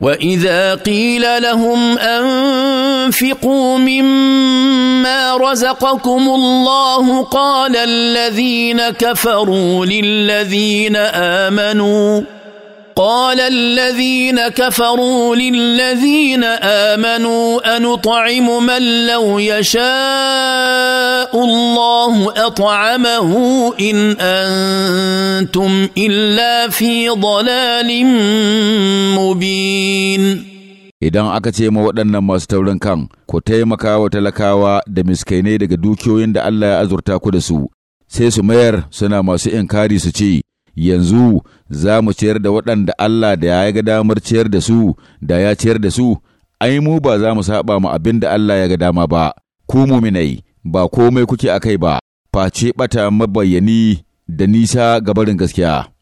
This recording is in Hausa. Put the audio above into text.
واذا قيل لهم انفقوا مما رزقكم الله قال الذين كفروا للذين امنوا قال الذين كفروا للذين امنوا انطعم من لو يشاء الله اطعمه ان انتم الا في ضلال idan aka ce ma waɗannan masu taurin kan ku taimaka wa talakawa da miskaine daga dukiyoyin da Allah ya azurta ku da su sai su mayar suna masu inkari su ce yanzu za mu ciyar da waɗanda Allah da ya ga damar ciyar da su da ya ciyar da su ai mu ba za mu saɓa mu abin da Allah ya ga dama ba ku muminai ba komai kuke akai ba face bata mabayani da nisa ga barin gaskiya